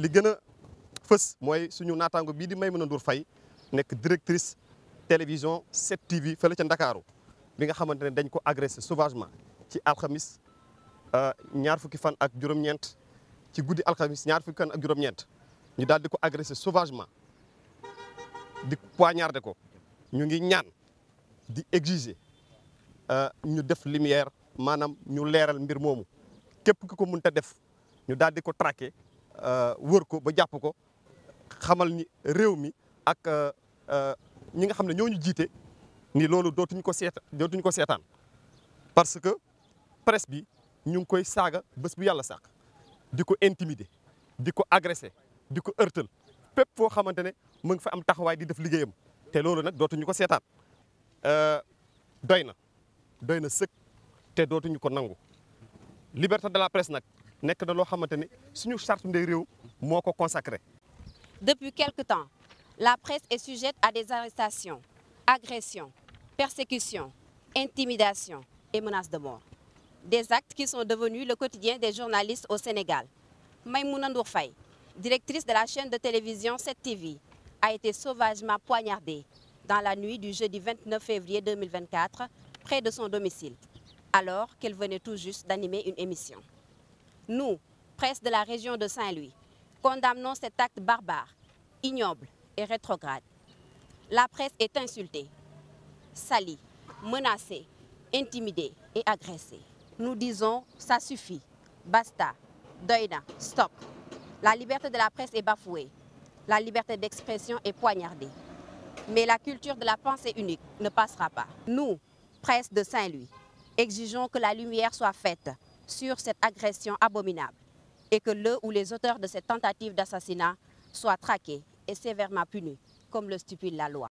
li gën a fës mooy suñu naataango bii di may Maïmouna Ndour fay nekk directrice télévision 7TV fële Ndakaaru bi nga xamante ne dañ ko agressé sauvagement ci alxamis euh, ñaar fukki fan ak juróom-ñeent ci guddi alxamis ñaar fukki fan ak juróom-ñeent ñu daal di ko agressé sauvagement di poignardé ko ñu ngi ñaan di exiger euh, ñu def lumière maanaam ñu leeral mbir moomu képp ki ko mën ta def ñu daal di ko traqué Euh, wër ko ba jàpp ko xamal ni réew mi ak euh, euh, ñi nga xam ne ñoo ñu jiite ni loolu dootuñ ko seet dootuñ ko seetaan parce que presse bi ñu ngi koy saaga bés bu yàlla sàq di ko intimider di ko agresser di ko ërtal fépp foo xamante ne mu ngi fa am taxawaay di def liggéeyam te loolu nag dootuñu ko seetaan doy na doy na sëkk te dootuñu ko nangu liberté de la presse nag depuis quelque temps la presse est sujette à des arrestations agressions persécutions intimidations et menaces de mort des actes qui sont devenus le quotidien des journalistes au Sénégal Maïmou Ndour directrice de la chaîne de télévision 7TV a été sauvagement poignardée dans la nuit du jeudi 29 février 2024 près de son domicile alors qu'elle venait tout juste d'animer une émission nous, presse de la région de Saint-Louis, condamnons cet acte barbare, ignoble et rétrograde. La presse est insultée, salie, menacée, intimidée et agressée. Nous disons, ça suffit, basta, doida, stop. La liberté de la presse est bafouée, la liberté d'expression est poignardée. Mais la culture de la pensée unique ne passera pas. Nous, presse de Saint-Louis, exigeons que la lumière soit faite sur cette agression abominable et que le ou les auteurs de cette tentative d'assassinat soient traqués et sévèrement punis, comme le stipule la loi.